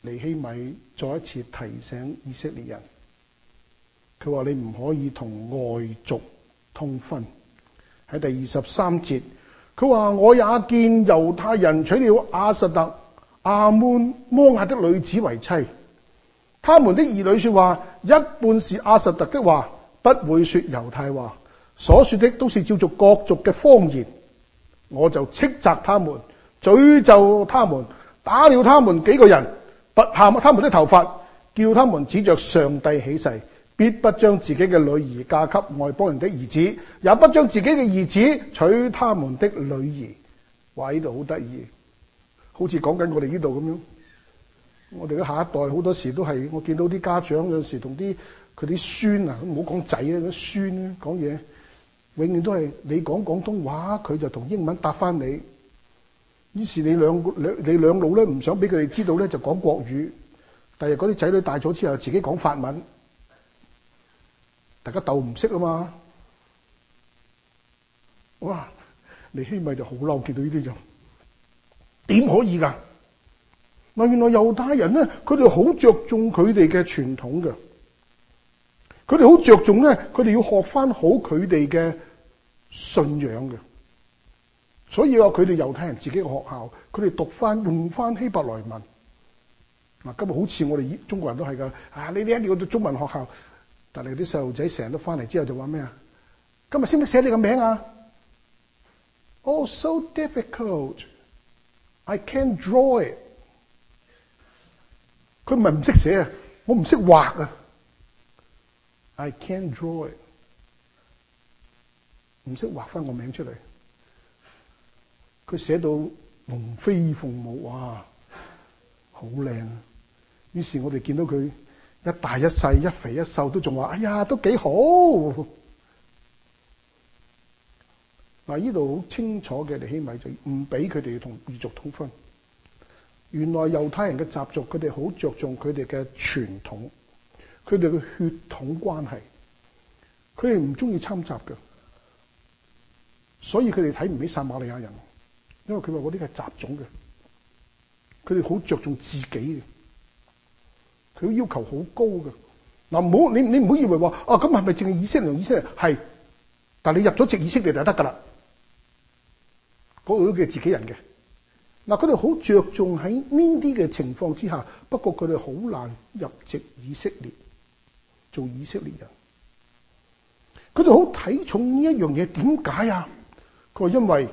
S1: 尼希米再一次提醒以色列人，佢話：你唔可以同外族通婚。喺第二十三節，佢話：我也見猶太人娶了亞實突、亞捫、摩押的女子為妻，他們的兒女説話一半是亞實突的話，不會說猶太話。所說的都是照著各族嘅方言，我就斥責他們，詛咒他們，打了他們幾個人，拔下他們的頭髮，叫他們指着上帝起誓，必不將自己嘅女兒嫁給外邦人的兒子，也不將自己嘅兒子娶他們的女兒。話呢度好得意，好似講緊我哋呢度咁樣。我哋嘅下一代好多時都係我見到啲家長有時同啲佢啲孫啊，唔好講仔啊，孫啊講嘢。永遠都係你講廣東話，佢就同英文答翻你。於是你兩兩你，你兩老咧唔想俾佢哋知道咧，就講國語。第日嗰啲仔女大咗之後，自己講法文，大家鬥唔識啊嘛！哇！尼希米就好嬲，見到呢啲就點可以㗎？嗱，原來猶太人咧，佢哋好着重佢哋嘅傳統嘅。佢哋好着重咧，佢哋要學翻好佢哋嘅信仰嘅，所以話佢哋猶太人自己個學校，佢哋讀翻用翻希伯來文。嗱、啊，今日好似我哋中國人都係噶，啊你呢啲一定要讀中文學校，但係啲細路仔成日都翻嚟之後就話咩啊？今日先唔寫你個名啊？Oh, so difficult. I can't draw it. 佢唔係唔識寫啊，我唔識畫啊。I can't draw it。唔識畫翻個名出嚟。佢寫到龍飛鳳舞，哇，好靚啊！於是，我哋見到佢一大一細，一肥一瘦，都仲話：哎呀，都幾好！嗱，呢度好清楚嘅，尼希米就唔俾佢哋同異族通婚。原來猶太人嘅習俗，佢哋好着重佢哋嘅傳統。佢哋嘅血統關係，佢哋唔中意參雜嘅，所以佢哋睇唔起撒瑪利亞人，因為佢話嗰啲係雜種嘅。佢哋好着重自己嘅，佢要求好高嘅嗱。唔、啊、好，你你唔好以為話啊，咁係咪淨係以色列同以色列？係，但係你入咗籍以色列就得㗎啦，嗰度都係自己人嘅嗱。佢哋好着重喺呢啲嘅情況之下，不過佢哋好難入籍以色列。做以色列人，佢哋好睇重呢一樣嘢。點解啊？佢話，因為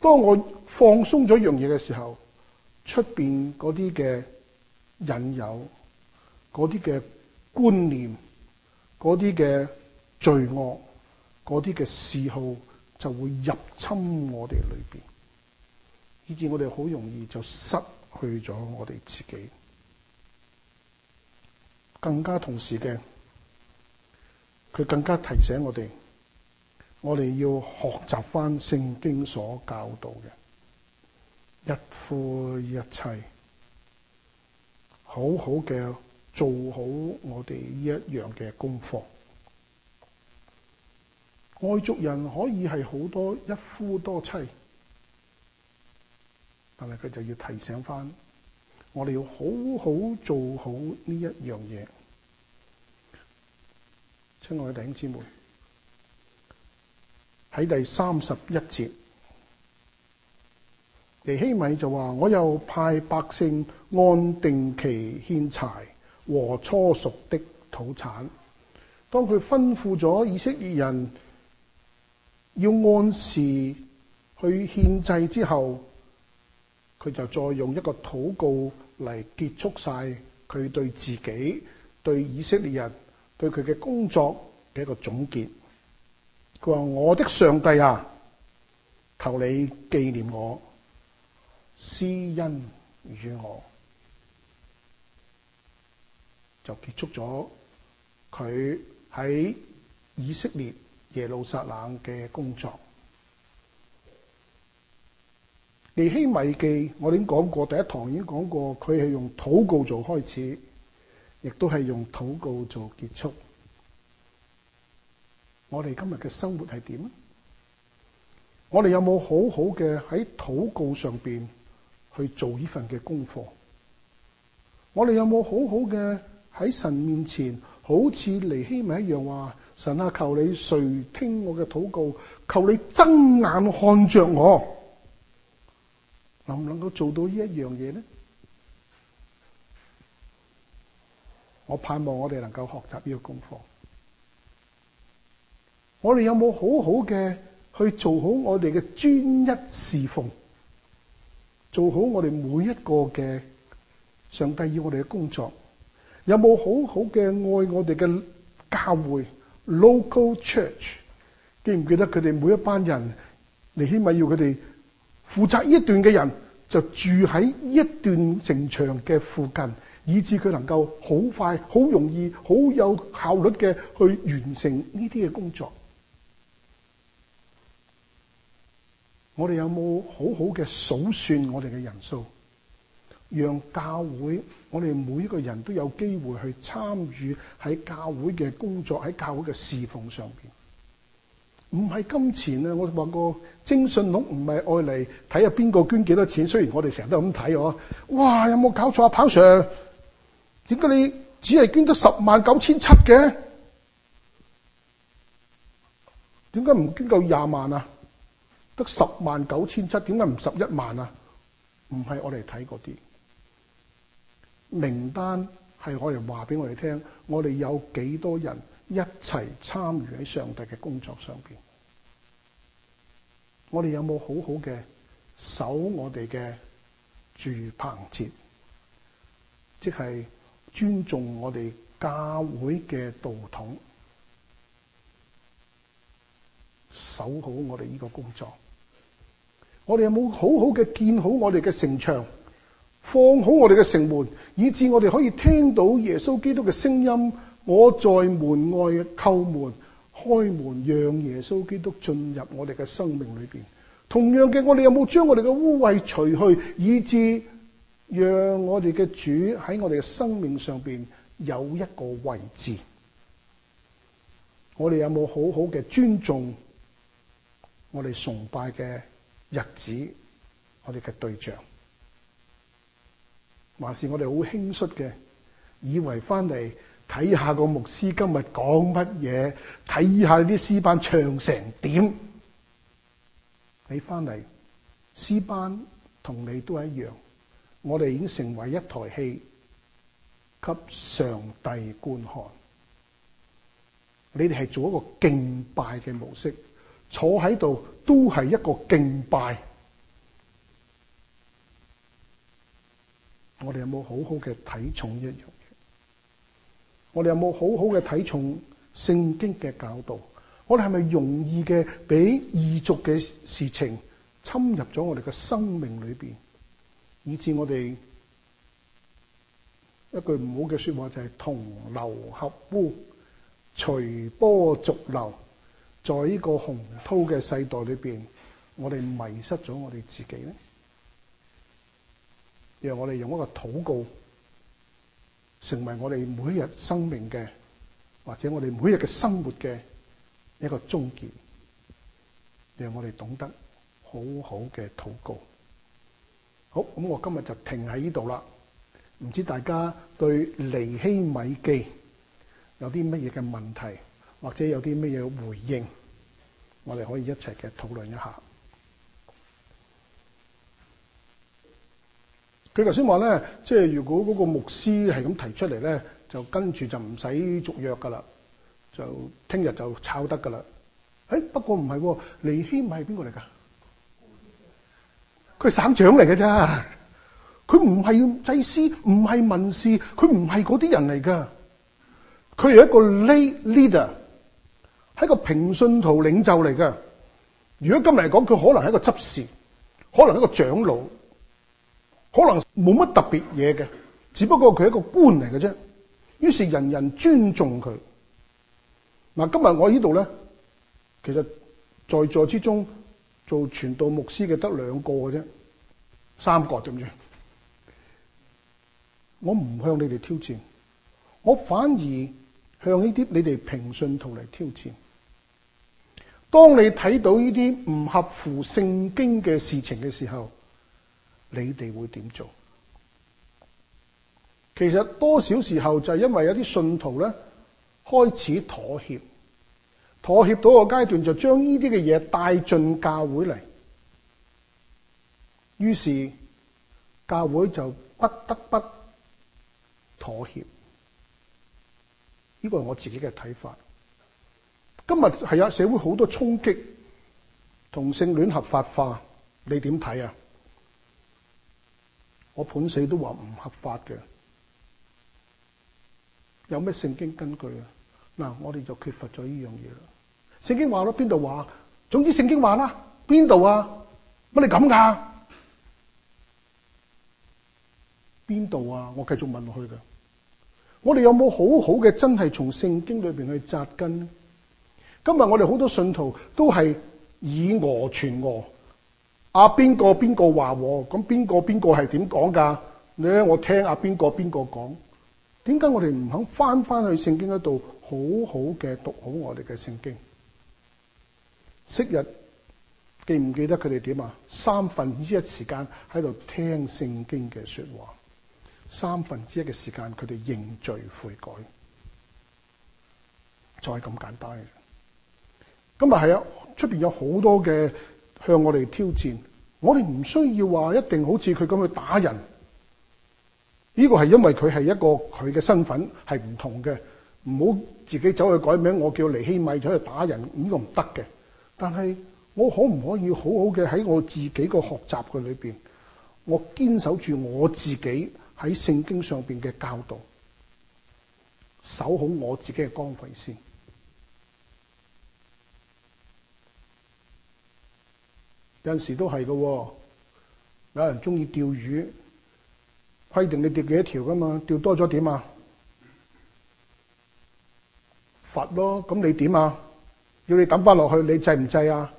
S1: 當我放鬆咗一樣嘢嘅時候，出邊嗰啲嘅引誘、嗰啲嘅觀念，嗰啲嘅罪惡、嗰啲嘅嗜好，就會入侵我哋裏邊，以致我哋好容易就失去咗我哋自己。更加同時嘅。佢更加提醒我哋，我哋要學習翻聖經所教導嘅一夫一妻，好好嘅做好我哋呢一樣嘅功課。外族人可以係好多一夫多妻，但係佢就要提醒翻，我哋要好好做好呢一樣嘢。親愛的弟兄姊妹，喺第三十一節，尼希米就話：我又派百姓按定期獻柴和初熟的土產。當佢吩咐咗以色列人要按時去獻祭之後，佢就再用一個禱告嚟結束晒佢對自己、對以色列人。對佢嘅工作嘅一個總結，佢話：我的上帝啊，求你紀念我，施恩與我，就結束咗佢喺以色列耶路撒冷嘅工作。尼希米記我已經講過，第一堂已經講過，佢係用禱告做開始。亦都係用禱告做結束。我哋今日嘅生活係點啊？我哋有冇好好嘅喺禱告上邊去做呢份嘅功課？我哋有冇好好嘅喺神面前，好似尼希米一樣話：神啊，求你垂聽我嘅禱告，求你睜眼看着我，能唔能夠做到呢一樣嘢咧？我盼望我哋能夠學習呢個功課。我哋有冇好好嘅去做好我哋嘅專一侍奉？做好我哋每一個嘅上帝要我哋嘅工作，有冇好好嘅愛我哋嘅教會 （local church）？記唔記得佢哋每一班人？你起碼要佢哋負責呢一段嘅人，就住喺一段城牆嘅附近。以至佢能夠好快、好容易、好有效率嘅去完成呢啲嘅工作。我哋有冇好好嘅數算我哋嘅人數，讓教會我哋每一個人都有機會去參與喺教會嘅工作、喺教會嘅侍奉上邊？唔係金錢啊！我話個徵信錄唔係愛嚟睇下邊個捐幾多錢，雖然我哋成日都咁睇哦。哇！有冇搞錯啊，跑 Sir？點解你只係捐得十萬九千七嘅？點解唔捐夠廿萬啊？得十萬九千七，點解唔十一萬啊？唔係我哋睇嗰啲名單，係我哋話俾我哋聽，我哋有幾多人一齊參與喺上帝嘅工作上邊？我哋有冇好好嘅守我哋嘅住棚節，即係？尊重我哋教會嘅道統，守好我哋呢個工作。我哋有冇好好嘅建好我哋嘅城牆，放好我哋嘅城門，以致我哋可以聽到耶穌基督嘅聲音？我在門外叩門、開門，讓耶穌基督進入我哋嘅生命裏邊。同樣嘅，我哋有冇將我哋嘅污穢除去，以致……讓我哋嘅主喺我哋嘅生命上邊有一個位置。我哋有冇好好嘅尊重我哋崇拜嘅日子？我哋嘅對象，還是我哋好輕率嘅，以為翻嚟睇下個牧師今日講乜嘢，睇下啲詩班唱成點。你翻嚟詩班同你都係一樣。我哋已經成為一台戲，給上帝觀看。你哋係做一個敬拜嘅模式，坐喺度都係一個敬拜。我哋有冇好好嘅睇重一樣嘢？我哋有冇好好嘅睇重聖經嘅教導？我哋係咪容易嘅俾異族嘅事情侵入咗我哋嘅生命裏邊？以致我哋一句唔好嘅説話就係同流合污、隨波逐流，在呢個洪濤嘅世代裏邊，我哋迷失咗我哋自己咧。讓我哋用一個禱告成為我哋每日生命嘅，或者我哋每日嘅生活嘅一個終結。讓我哋懂得好好嘅禱告。好，咁我今日就停喺呢度啦。唔知大家對尼希米記有啲乜嘢嘅問題，或者有啲乜嘢回應，我哋可以一齊嘅討論一下。佢頭先話咧，即係如果嗰個牧師係咁提出嚟咧，就跟住就唔使續約噶啦，就聽日就抄得噶啦。誒，不過唔係喎，尼希米係邊個嚟㗎？佢係省長嚟嘅啫，佢唔係祭司，唔係文士，佢唔係嗰啲人嚟噶。佢係一個 lay leader，係一個平信徒領袖嚟嘅。如果今日嚟講，佢可能係一個執事，可能係一個長老，可能冇乜特別嘢嘅，只不過佢係一個官嚟嘅啫。於是人人尊重佢。嗱，今日我喺呢度咧，其實在座之中。做傳道牧師嘅得兩個嘅啫，三個點樣？我唔向你哋挑戰，我反而向呢啲你哋平信徒嚟挑戰。當你睇到呢啲唔合乎聖經嘅事情嘅時候，你哋會點做？其實多少時候就係因為有啲信徒咧開始妥協。妥協到個階段，就將呢啲嘅嘢帶進教會嚟，於是教會就不得不妥協。呢、個係我自己嘅睇法。今日係啊，社會好多衝擊，同性戀合法化，你點睇啊？我判死都話唔合法嘅，有咩聖經根據啊？嗱，我哋就缺乏咗呢樣嘢啦。聖經話咯，邊度話？總之聖經話啦，邊度啊？乜你咁噶？邊度啊？我繼續問落去嘅。我哋有冇好好嘅真係從聖經裏邊去紮根？今日我哋好多信徒都係以訛傳訛，阿邊個邊個話咁，邊個邊個係點講噶你？我聽阿邊個邊個講，點解我哋唔肯翻翻去聖經嗰度好好嘅讀好我哋嘅聖經？昔日記唔記得佢哋點啊？三分之一時間喺度聽聖經嘅說話，三分之一嘅時間佢哋認罪悔改，就係咁簡單嘅啫。咁啊係啊，出邊有好多嘅向我哋挑戰，我哋唔需要話一定好似佢咁去打人。呢個係因為佢係一個佢嘅身份係唔同嘅，唔好自己走去改名，我叫尼希米，走去打人呢個唔得嘅。但係我可唔可以好好嘅喺我自己個學習嘅裏邊，我堅守住我自己喺聖經上邊嘅教導，守好我自己嘅光輝先。有陣時都係嘅喎，有人中意釣魚，規定你釣幾多條㗎嘛？釣多咗點啊？罰咯，咁你點啊？要你抌翻落去，你制唔制啊？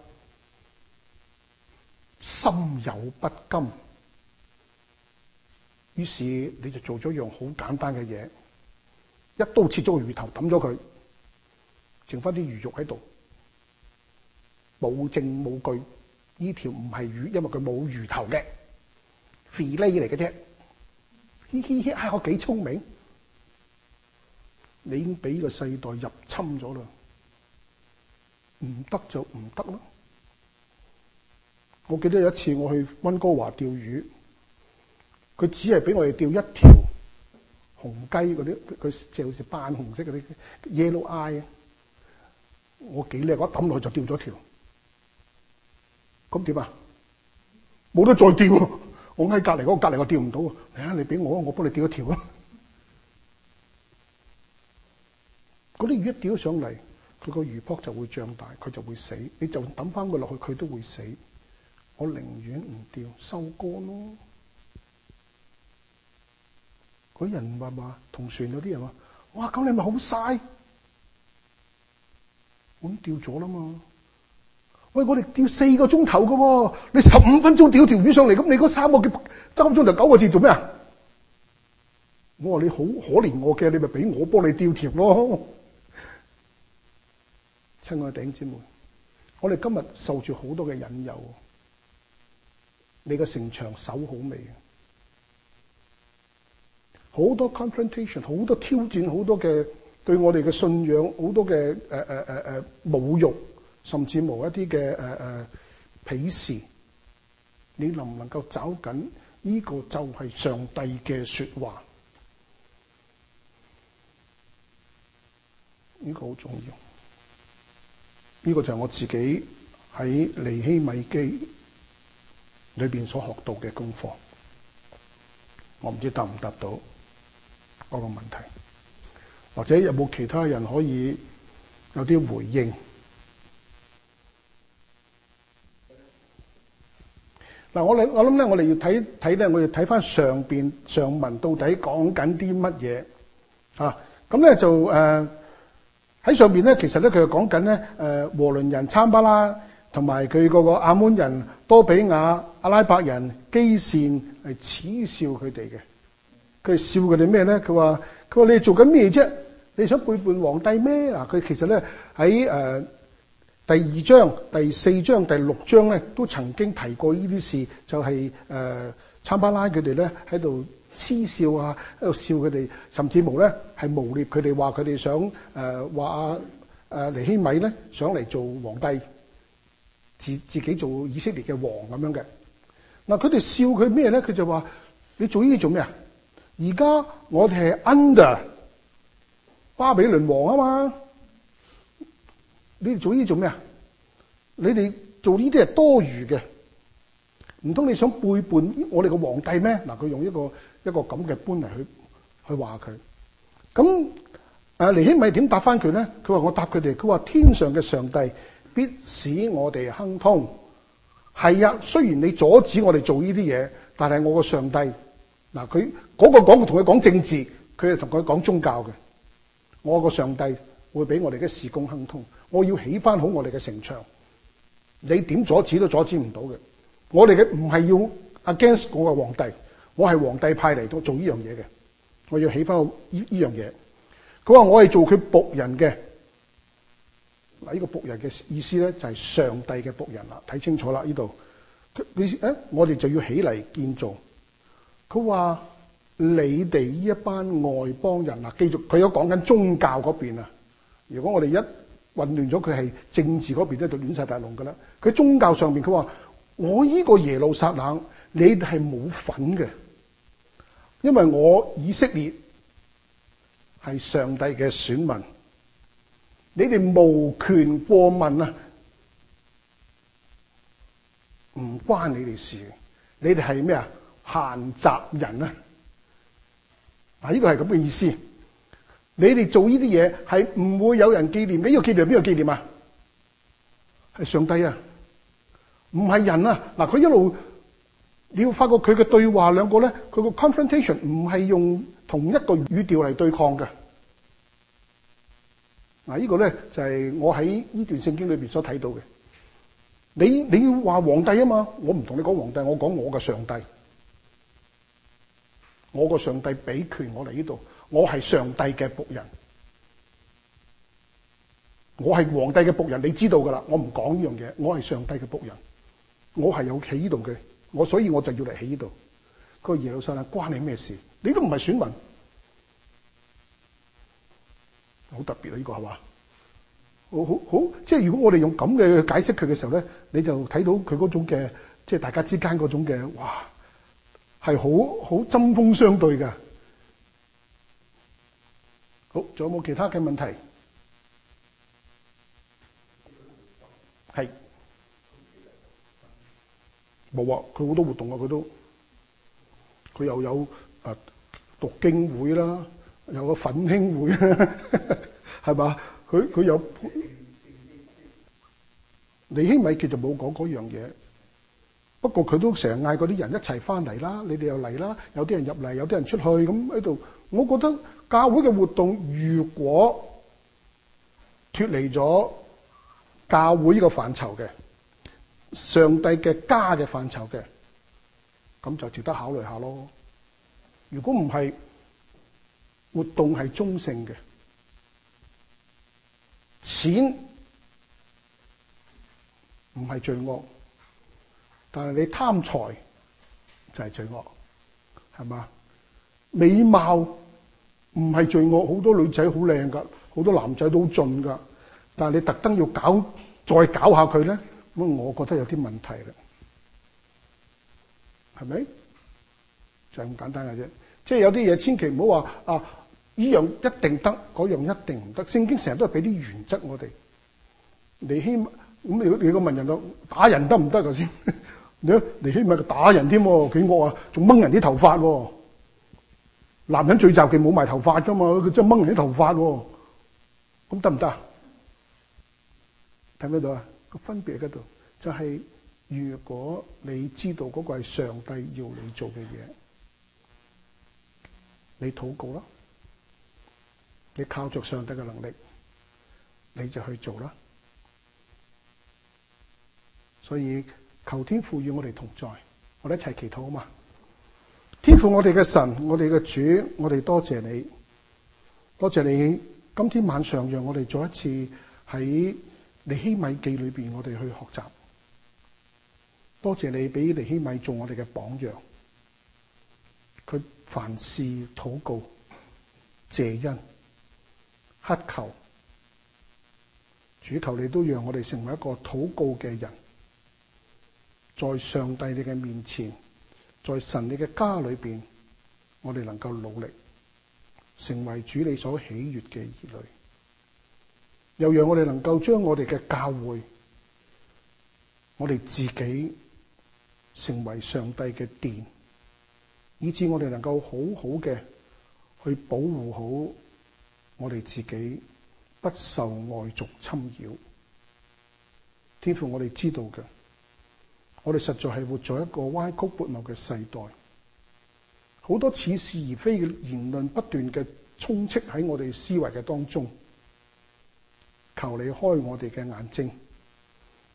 S1: 心有不甘，於是你就做咗樣好簡單嘅嘢，一刀切咗個魚頭，抌咗佢，剩翻啲魚肉喺度，冇證冇據，呢條唔係魚，因為佢冇魚頭嘅，肥厘嚟嘅啫，嘻嘻嘻，唉我幾聰明，你已經俾個世代入侵咗啦。唔得就唔得咯。我記得有一次我去溫哥華釣魚，佢只係俾我哋釣一條紅雞嗰啲，佢即係好似斑紅色嗰啲 yellow eye。我幾叻，我一抌落去就釣咗一條。咁點啊？冇得再釣，我喺隔籬嗰個隔籬我釣唔到。嚟啊，你俾我，我幫你釣一條啦。嗰啲魚一釣上嚟。佢個魚樖就會脹大，佢就會死。你就等翻佢落去，佢都會死。我寧願唔釣，收竿咯。嗰人話話同船有啲人話：哇！咁你咪好嘥，咁釣咗啦嘛。喂，我哋釣四個鐘頭嘅喎，你十五分鐘釣條魚上嚟，咁你嗰三個嘅三鐘頭九個字做咩啊？我話你好可憐我嘅，你咪俾我幫你釣條咯。親愛嘅弟兄姊妹，我哋今日受住好多嘅引誘，你嘅城牆守好未？好多 confrontation，好多挑戰，好多嘅對我哋嘅信仰，好多嘅誒誒誒誒侮辱，甚至無一啲嘅誒誒鄙視。你能唔能夠找緊呢個就係上帝嘅説話？呢個好重要。呢個就係我自己喺尼希米記裏邊所學到嘅功課，我唔知答唔答到嗰個問題，或者有冇其他人可以有啲回應。嗱、嗯，我哋我諗咧，我哋要睇睇咧，我哋睇翻上邊上文到底講緊啲乜嘢嚇？咁、啊、咧就誒。呃喺上面咧，其實咧佢就講緊咧，誒和倫人參巴拉同埋佢個個亞捫人多比亞阿拉伯人基善係恥笑佢哋嘅。佢笑佢哋咩咧？佢話：佢話你哋做緊咩啫？你想背叛皇帝咩啊？佢其實咧喺誒第二章、第四章、第六章咧都曾經提過呢啲事，就係誒參巴拉佢哋咧喺度恥笑啊！喺度笑佢哋，甚至乎咧係污蔑佢哋話佢哋想誒話誒尼希米咧上嚟做皇帝，自自己做以色列嘅王咁樣嘅。嗱佢哋笑佢咩咧？佢就話：你做呢啲做咩啊？而家我哋係 under 巴比倫王啊嘛，你哋做呢啲做咩啊？你哋做呢啲係多餘嘅，唔通你想背叛我哋個皇帝咩？嗱，佢用一個。一個咁嘅官嚟，去去話佢，咁阿尼希米點答翻佢咧？佢話我答佢哋，佢話天上嘅上帝必使我哋亨通。係啊，雖然你阻止我哋做呢啲嘢，但係我個上帝嗱，佢嗰、嗰個講同佢講政治，佢係同佢講宗教嘅。我個上帝會俾我哋嘅事工亨通，我要起翻好我哋嘅城牆。你點阻止都阻止唔到嘅。我哋嘅唔係要 against 我個皇帝。我係皇帝派嚟到做呢樣嘢嘅，我要起翻個呢呢樣嘢。佢話我係做佢僕人嘅。嗱，呢個僕人嘅意思咧，就係上帝嘅僕人啦。睇清楚啦，呢度佢誒，我哋就要起嚟建造。佢話你哋呢一班外邦人嗱，繼續佢而家講緊宗教嗰邊啊。如果我哋一混亂咗佢係政治嗰邊咧，就亂晒大龍噶啦。佢宗教上面佢話我呢個耶路撒冷，你哋係冇份嘅。因為我以色列係上帝嘅選民，你哋無權過問啊，唔關你哋事嘅。你哋係咩啊？閒雜人啊！嗱，呢個係咁嘅意思。你哋做呢啲嘢係唔會有人紀念嘅。呢個紀念係邊個紀念啊？係上帝啊，唔係人啊。嗱，啊，佢一路。你要發覺佢嘅對話兩個咧，佢個 confrontation 唔係用同一個語調嚟對抗嘅。嗱、啊，這個、呢個咧就係、是、我喺呢段聖經裏邊所睇到嘅。你你要話皇帝啊嘛？我唔同你講皇帝，我講我嘅上帝。我個上帝俾權我嚟呢度，我係上帝嘅僕人，我係皇帝嘅僕人。你知道噶啦，我唔講呢樣嘢，我係上帝嘅僕人，我係有企呢度嘅。我所以我就要嚟喺呢度。個耶路撒冷啊，關你咩事？你都唔係選民，好特別啦、啊！呢、呢個係嘛？好，好，好，即係如果我哋用咁嘅解釋佢嘅時候咧，你就睇到佢嗰種嘅，即係大家之間嗰種嘅，哇，係好好針鋒相對㗎。好，仲有冇其他嘅問題？冇啊！佢好多活動啊！佢都佢又有啊讀經會啦，有個奮興會，係嘛？佢佢有尼希米記其實冇講嗰樣嘢。不過佢都成日嗌嗰啲人一齊翻嚟啦，你哋又嚟啦。有啲人入嚟，有啲人出去咁喺度。我覺得教會嘅活動如果脫離咗教會呢個範疇嘅，上帝嘅家嘅範疇嘅，咁就值得考慮下咯。如果唔係活動係中性嘅，錢唔係罪惡，但係你貪財就係罪惡，係嘛？美貌唔係罪惡，好多女仔好靚㗎，好多男仔都好盡㗎，但係你特登要搞再搞下佢咧？咁我覺得有啲問題啦，係咪就係、是、咁簡單嘅啫？即係有啲嘢千祈唔好話啊，呢樣一定得，嗰樣一定唔得。聖經成日都係俾啲原則我哋。你希咁你你個文人講打人得唔得頭先？你你希望佢打人添喎，幾惡啊？仲掹人啲頭髮喎？男人聚集佢冇埋頭髮噶嘛？佢真係掹人啲頭髮喎？咁得唔得？睇唔睇到啊？分別喺嗰度就係，如果你知道嗰個係上帝要你做嘅嘢，你禱告啦，你靠着上帝嘅能力，你就去做啦。所以求天父與我哋同在，我哋一齊祈禱啊嘛！天父我哋嘅神，我哋嘅主，我哋多謝你，多謝你！今天晚上讓我哋做一次喺。尼希米記裏邊，我哋去學習。多謝你俾尼希米做我哋嘅榜樣，佢凡事禱告、謝恩、乞求，主求你都讓我哋成為一個禱告嘅人，在上帝你嘅面前，在神你嘅家裏邊，我哋能夠努力成為主你所喜悅嘅兒女。又讓我哋能夠將我哋嘅教會，我哋自己成為上帝嘅殿，以致我哋能夠好好嘅去保護好我哋自己，不受外族侵擾。天父我，我哋知道嘅，我哋實在係活在一個歪曲悖謬嘅世代，好多似是而非嘅言論不斷嘅充斥喺我哋思維嘅當中。求你開我哋嘅眼睛，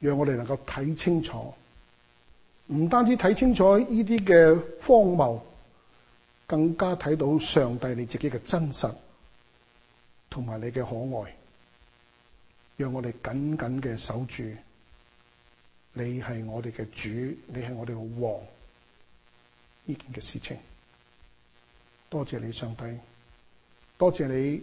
S1: 讓我哋能夠睇清楚，唔單止睇清楚呢啲嘅荒謬，更加睇到上帝你自己嘅真實，同埋你嘅可愛。讓我哋緊緊嘅守住，你係我哋嘅主，你係我哋嘅王。呢件嘅事情。多謝你，上帝，多謝你。